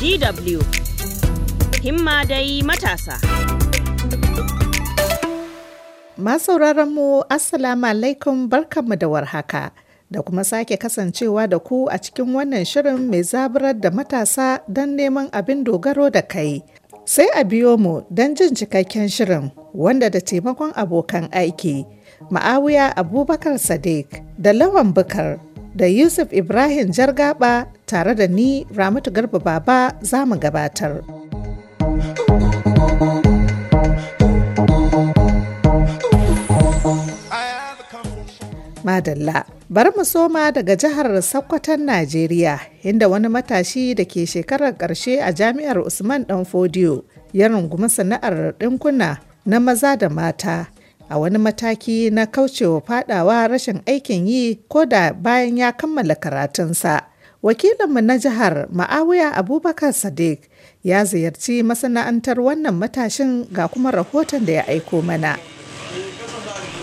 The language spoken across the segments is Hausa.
DW himma dai matasa. Masauraran mu Assalamu alaikum barkanmu da warhaka da kuma sake kasancewa da ku a cikin wannan shirin mai zaburar da matasa don neman abin dogaro da kai. Sai a biyo mu don jin cikakken shirin wanda da taimakon abokan aiki. Ma'awiya Abubakar Sadiq da Lawan Bukar da Yusuf Ibrahim Jargaba tare da ni Ramatu Garba Baba za mu gabatar. Madalla. Bari mu soma daga jihar Sokoton Najeriya, inda wani matashi da ke shekarar ƙarshe a jami'ar Usman ɗan Fodiyo ya rungumi sana'ar ɗinkuna na maza da mata a wani mataki na kaucewa fadawa rashin aikin yi ko da bayan ya kammala karatunsa. Wakilinmu na jihar Ma'awiya Abubakar Sadiq ya ziyarci masana'antar wannan matashin ga kuma rahoton da ya aiko mana.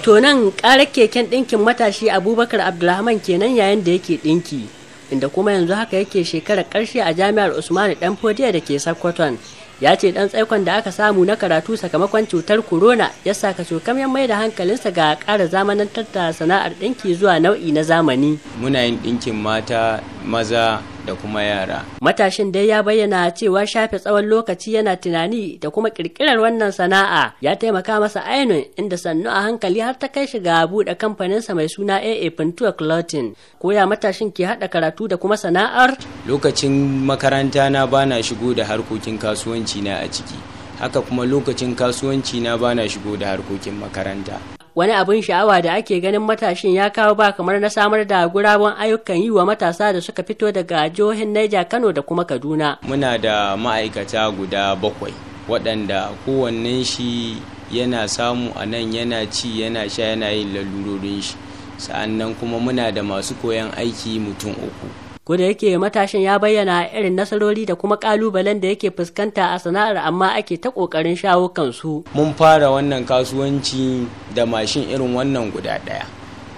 To nan ƙarar keken ɗinkin matashi Abubakar Abdulrahman kenan yayin da yake ɗinki, inda kuma yanzu haka yake shekarar karshe a jami'ar Usmanu fodiya da ke sakkwaton ya ce dan tsaikon da aka samu na karatu sakamakon cutar corona ya saka cokam mai da hankalinsa ga ƙara zamanantar da sana'ar ɗinki zuwa nau'i na zamani muna yin ɗinkin mata maza da kuma yara. Matashin dai ya bayyana cewa shafe tsawon lokaci yana tunani da kuma kirkirar wannan sana'a ya taimaka masa ainihin inda sannu a hankali har ta kai shi ga buɗe kamfaninsa mai suna AA Pintua Clothing. Koya matashin ke haɗa karatu da kuma sana'ar? Lokacin makaranta na bana shigo da harkokin kasuwanci na a ciki. Haka kuma lokacin kasuwanci na bana shigo da harkokin makaranta. wani abin sha'awa da ake ganin matashin ya kawo ba kamar na samar da guraben ayyukan yi wa matasa da suka fito daga jihohin Niger Kano da kuma Kaduna. Muna da ma'aikata guda bakwai waɗanda kowannen shi yana samu a nan yana ci yana sha yana yin lalurorin shi sa'annan kuma muna da masu koyan aiki mutum uku. ko da yake matashin ya bayyana irin nasarori da kuma kalubalen da yake fuskanta a sana'ar amma ake ta kokarin shawo kansu mun fara wannan kasuwanci da mashin irin wannan guda daya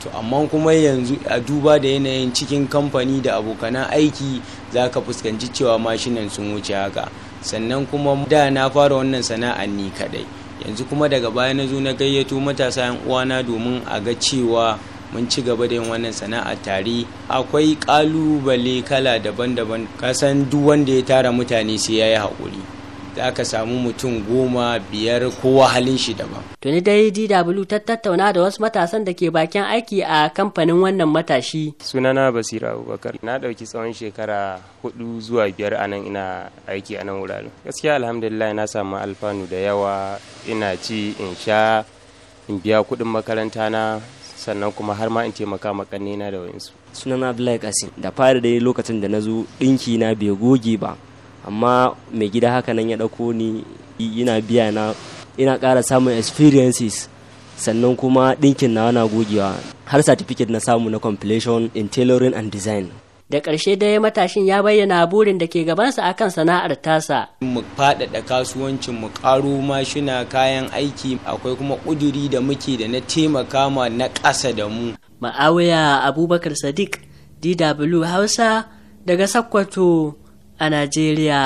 to amma kuma yanzu a duba da yanayin cikin kamfani da abokanan aiki za ka fuskanci cewa mashinan sun wuce haka sannan kuma da na fara wannan sana'ar ni kadai yanzu kuma daga baya na zo na gayyato matasa 'yan uwana domin a ga cewa mun ci gaba da yin wannan sana'a tare akwai kalubale kala daban-daban kasan duk wanda ya tara mutane sai ya yi haƙuri za ka samu mutum goma biyar kowa halin shi daban. Tuni dai DW ta tattauna da wasu matasan da ke bakin aiki a kamfanin wannan matashi. Sunana Basira Abubakar. Na ɗauki tsawon shekara hudu zuwa biyar a nan ina aiki a nan wuraren. Gaskiya alhamdulillah na samu alfanu da yawa ina ci in sha in biya kuɗin makaranta na sannan kuma har ma in taimaka ma na da wayansu sunana Abdullahi Kasim da fara dai lokacin da na zo dinki na bai goge ba amma mai gida haka nan ya dauko ni ina biya na ina ƙara samun experiences sannan kuma dinkin na wana gogewa har certificate na samu na compilation in tailoring and design da ƙarshe dai matashin ya bayyana burin da ke gabansa a kan sana'ar tasa mu faɗaɗa kasuwancin mu ƙaro mashina kayan aiki akwai kuma ƙuduri da muke da na taimaka ma na ƙasa da mu ma'awuya abubakar sadiq dw hausa daga sakkwato a najeriya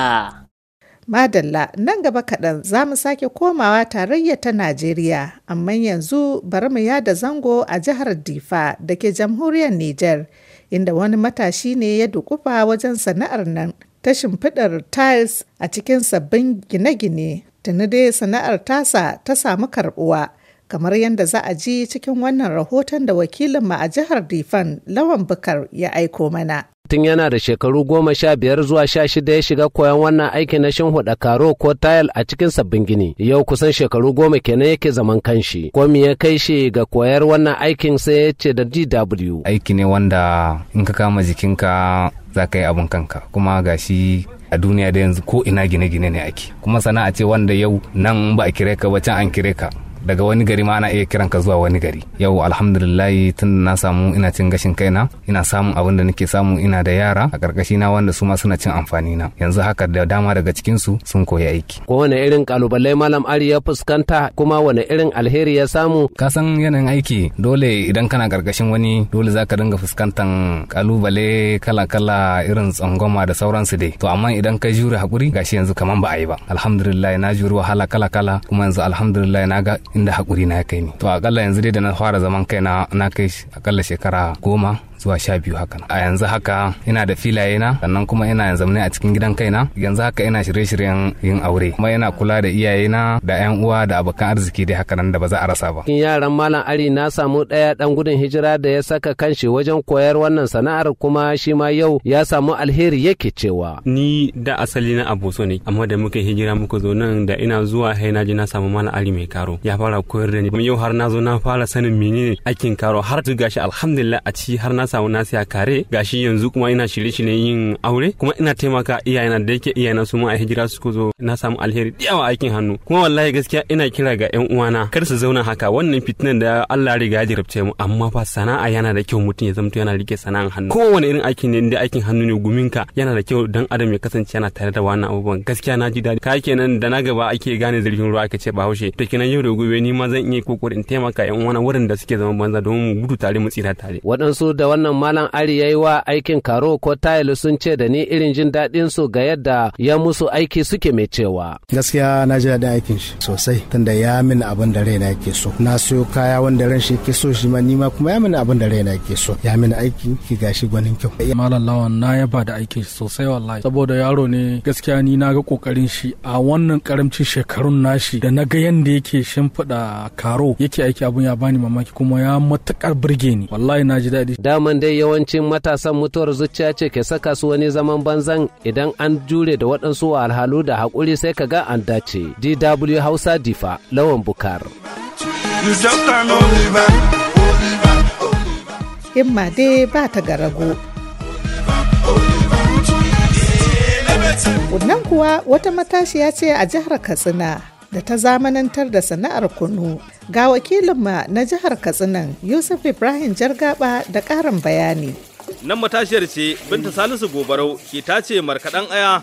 Madalla nan gaba kaɗan za mu sake komawa tarayya ta Najeriya, amma yanzu bari mu yada zango a jihar Difa da ke jamhuriyar Nijar. inda wani matashi ne ya dukufa wajen sana'ar nan ta shimfiɗar tiles a cikin sabbin gine-gine. Tuni dai sana'ar tasa ta samu karɓuwa. kamar yadda za a ji cikin wannan rahoton da wakilinmu a jihar Difan Lawan Bukar ya aiko mana. tun yana da shekaru goma sha biyar zuwa sha shida ya shiga koyon wannan aiki na shimfiɗa karo ko tayal a cikin sabbin gini yau kusan shekaru goma kenan yake zaman kanshi ko me ya kai shi ga koyar wannan aikin sai ya ce da dw aiki ne wanda in ka kama jikinka za ka yi abin kanka kuma gashi a duniya da yanzu ko ina gine-gine ne ake kuma sana'a ce wanda yau nan ba a kire ka ba can an kire ka daga wani gari ma ana iya kiran ka zuwa wani gari yau alhamdulillah tun na samu ina cin gashin kaina ina samun abin da nake samu ina da yara a karkashi na wanda su ma suna cin amfani na yanzu haka da dama daga cikin su sun koyi aiki kowane irin kalubalai malam ari ya fuskanta kuma wani irin alheri ya samu ka san yanayin aiki dole idan kana karkashin wani dole ka dinga fuskantan kalubale kala-kala irin tsangwama da sauransu dai to amma idan ka jure hakuri gashi yanzu kaman ba a yi ba alhamdulillah na jure wahala kala-kala kuma yanzu alhamdulillah na ga inda hakuri na ya kai ni to akalla yanzu dai da na fara zaman kai na na kai akalla shekara goma zuwa sha biyu haka a yanzu haka ina da filaye na sannan kuma ina ne a cikin gidan kai na yanzu haka ina shirye-shiryen yin aure kuma ina kula da iyaye na da yan uwa da abokan arziki dai haka nan da ba za a rasa ba kin yaran malam ari na samu daya dan gudun hijira da ya saka kanshi wajen koyar wannan sana'ar kuma shi ma yau ya samu alheri yake cewa ni da asali na aboso ne amma da muka hijira muka zo nan da ina zuwa hai na samu malam ali mai karo ya fara koyar da ni yau har na zo na fara sanin menene aikin karo har gashi alhamdulillah a ci har na samu nasiya a kare gashi yanzu kuma ina shirye-shiryen yin aure kuma ina taimaka iyayena da yake iyayena su ma a hijira su zo na samu alheri yawa aikin hannu kuma wallahi gaskiya ina kira ga yan uwana kar su zauna haka wannan fitinan da Allah riga ya jirabce mu amma fa sana'a yana da kyau mutum ya zamto yana rike sana'an hannu kowane irin aikin ne inda aikin hannu ne ka yana da kyau dan adam ya kasance yana tare da wannan abubuwan gaskiya na ji daɗi ka kenan da na gaba ake gane zirgin ruwa aka ce bahaushe to kenan yau da gobe ni ma zan iya kokarin taimaka yan uwana wurin da suke zama banza domin mu gudu tare mu tsira tare waɗansu da wannan malam ari ya yi wa aikin karo ko tayil sun ce da ni irin jin daɗin su ga yadda ya musu aiki suke mai cewa. Gaskiya na ji daɗin aikin shi sosai tunda ya min abin da raina yake so. Na siyo kaya wanda ran shi ke so shi ma nima kuma ya min abin da raina yake so. Ya min aiki ki gashi gwanin kyau. Malam Lawan na yaba da aiki sosai wallahi saboda yaro ne gaskiya ni na ga kokarin shi a wannan karamcin shekarun nashi da na ga yanda yake shimfiɗa karo yake aiki abun ya bani mamaki kuma ya matuƙar burge ni wallahi na ji daɗi. Daman daman dai yawancin matasan mutuwar zuciya ce ke saka su wani zaman banzan idan an jure da waɗansu alhalu da haƙuri sai ka ga an dace dw hausa difa lawan bukar himma dai ba ta garago wannan kuwa wata matashiya ce a jihar katsina da ta zamanantar da sana'ar kunu. Ga wakilinmu na jihar Katsinan Yusuf Ibrahim Jargaba da karin bayani. Nan matashiyar ce Binta Salisu Gobarau ke tace markaɗan aya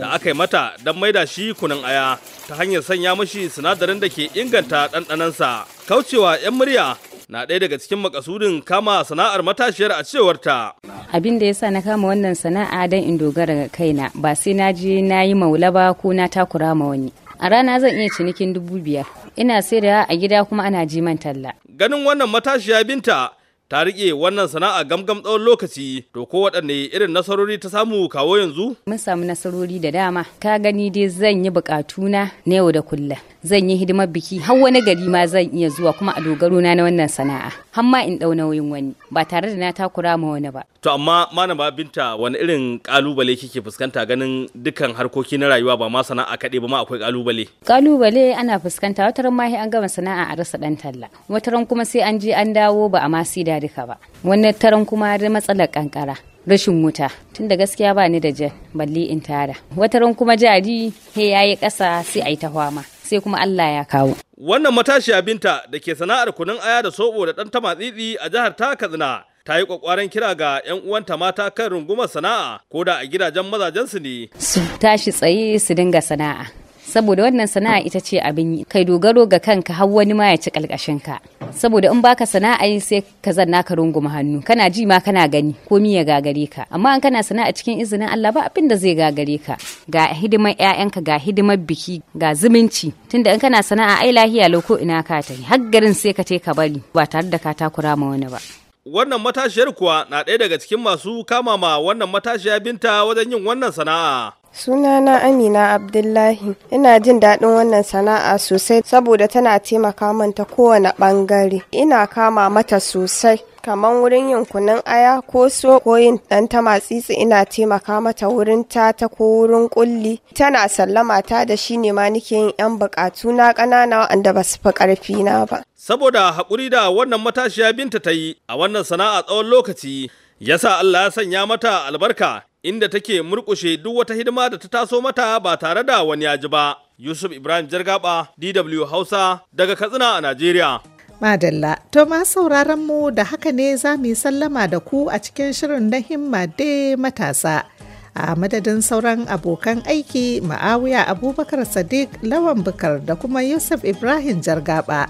da aka yi mata don maida shi kunan aya ta hanyar sanya mashi sinadarin da ke inganta ɗanɗanansa. Kaucewa 'yan murya na ɗaya daga cikin makasudin kama sana'ar matashiyar a cewar ta. Abin da yasa na kama wannan sana'a don in dogara ga kaina ba sai na je na yi maula ba ko na takura ma wani. a rana zan iya cinikin dubu biyar ina sayarwa a gida kuma ana ji man talla ganin wannan matashiya binta ta riƙe wannan sana'a gamgam tsawon lokaci to ko waɗanne irin nasarori ta samu kawo yanzu? Mun samu nasarori da dama ka gani dai zan yi bukatu na yau da kullum zan yi hidimar biki har wani gari ma zan iya zuwa kuma a dogaro na na wannan sana'a har ma in ɗau nauyin wani ba tare da na takura ma wani ba. to amma malama binta wani irin kalubale kike fuskanta ganin dukkan harkoki na rayuwa ba ma sana'a kaɗai ba ma akwai kalubale kalubale ana fuskanta wataran ma an gama sana'a a rasa dan talla Wata ran kuma sai an je an dawo ba a ma sida duka ba wani taran kuma da matsalar kankara rashin wuta tun da gaskiya ba ni da jan balli in tara ran kuma jari he yayi ƙasa sai a yi ta hwama sai kuma Allah ya kawo wannan matashiya binta da ke sana'ar kunun aya da sobo da ɗan tamatsitsi a jihar ta Katsina ta yi kwakwaran kira ga 'yan uwanta mata kan rungumar sana'a ko da a gidajen mazajen su ne. Su tashi tsaye su dinga sana'a. Saboda wannan sana'a ita ce abin yi, kai dogaro ga kanka har wani ma ya ci ka Saboda in baka sana'a sai ka zanna ka runguma hannu, kana ji ma kana gani, komi ya gagare ka. Amma in kana sana'a cikin izinin Allah ba abin da zai gagare ka. Ga hidimar ƴaƴanka, ga hidimar biki, ga zumunci. Tunda in kana sana'a ai lahiya lau ina ka ta har garin sai ka ce ka bari ba tare da ka takura ma wani ba. wannan matashiyar kuwa na ɗaya daga cikin masu kama ma wannan matashiya binta wajen yin wannan sana'a sunana amina abdullahi ina jin daɗin wannan sana'a sosai saboda tana taimaka manta kowane ɓangare ina kama mata sosai kamar wurin yin kunun aya ko so ko yin ɗan ta matsitsi ina taimaka mata wurin ta ta ko wurin ƙulli tana sallama ta da shi ne ma nike yin yan bukatu na ƙanana wanda ba su fi ƙarfi na ba. Saboda haƙuri da wannan matashiya binta ta yi a wannan sana'a tsawon lokaci yasa Allah ya sanya mata albarka inda take murƙushe duk wata hidima da ta taso mata ba tare da wani yaji ba. Yusuf Ibrahim Jargaba, DW Hausa, daga Katsina a Najeriya. Madalla, to ma sauraron mu da haka ne za mu yi sallama da ku a cikin shirin na himma dai matasa. A madadin sauran abokan aiki ma'awiya Abubakar Sadiq Lawan Bukar da kuma Yusuf Ibrahim Jargaba.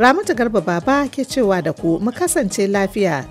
Ramatu Garba Baba ke cewa da ku mu kasance lafiya.